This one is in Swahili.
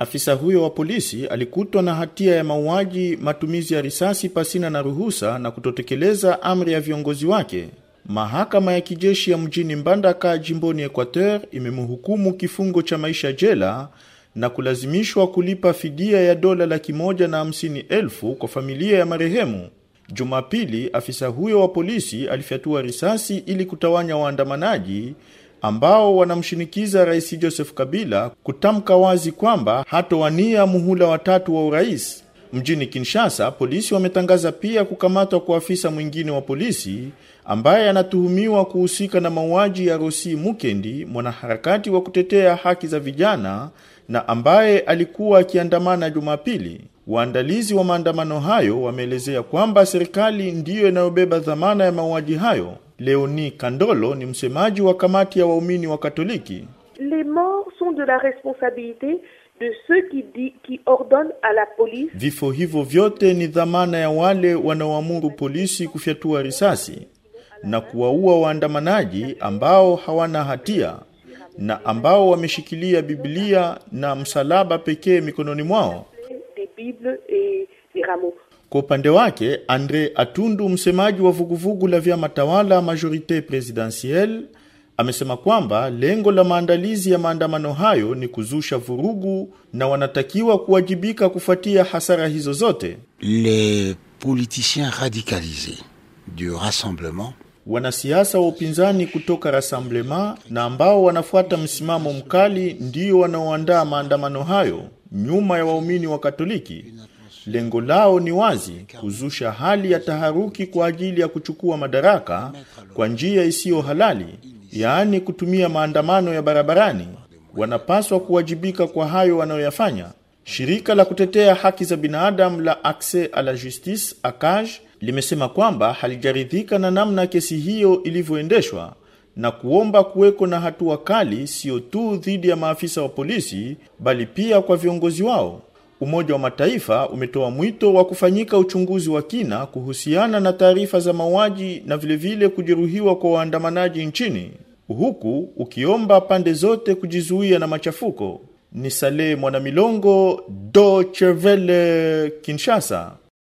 Afisa huyo wa polisi alikutwa na hatia ya mauaji, matumizi ya risasi pasina na ruhusa na kutotekeleza amri ya viongozi wake. Mahakama ya kijeshi ya mjini Mbandaka jimboni Equateur imemhukumu kifungo cha maisha jela na kulazimishwa kulipa fidia ya dola laki moja na hamsini elfu kwa familia ya marehemu. Jumapili, afisa huyo wa polisi alifyatua risasi ili kutawanya waandamanaji ambao wanamshinikiza Rais Joseph Kabila kutamka wazi kwamba hatowania muhula watatu wa urais. Mjini Kinshasa, polisi wametangaza pia kukamatwa kwa afisa mwingine wa polisi ambaye anatuhumiwa kuhusika na mauaji ya Rosi Mukendi, mwanaharakati wa kutetea haki za vijana na ambaye alikuwa akiandamana Jumapili. Waandalizi wa maandamano hayo wameelezea kwamba serikali ndiyo inayobeba dhamana ya mauaji hayo Leoni Kandolo ni msemaji wa kamati ya waumini wa Katoliki. Les morts sont de la responsabilité de ceux qui di, qui ordonnent à la police. Vifo hivyo vyote ni dhamana ya wale wanaoamuru polisi kufyatua risasi na kuwaua waandamanaji ambao hawana hatia na ambao wameshikilia Biblia na msalaba pekee mikononi mwao. et kwa upande wake Andre Atundu, msemaji wa vuguvugu la vyama tawala Majorite Presidentielle, amesema kwamba lengo la maandalizi ya maandamano hayo ni kuzusha vurugu na wanatakiwa kuwajibika kufuatia hasara hizo zote. du rassemblement wanasiasa wa upinzani kutoka Rassemblement na ambao wanafuata msimamo mkali ndio wanaoandaa maandamano hayo nyuma ya waumini wa Katoliki. Lengo lao ni wazi, kuzusha hali ya taharuki kwa ajili ya kuchukua madaraka kwa njia isiyo halali, yaani kutumia maandamano ya barabarani. Wanapaswa kuwajibika kwa hayo wanayoyafanya. Shirika la kutetea haki za binadamu la Access a la Justice ACAJ limesema kwamba halijaridhika na namna kesi hiyo ilivyoendeshwa na kuomba kuweko na hatua kali, sio tu dhidi ya maafisa wa polisi, bali pia kwa viongozi wao. Umoja wa Mataifa umetoa mwito wa kufanyika uchunguzi wa kina kuhusiana na taarifa za mauaji na vilevile vile kujeruhiwa kwa waandamanaji nchini huku ukiomba pande zote kujizuia na machafuko. Ni Saleh Mwanamilongo, do Chevele, Kinshasa.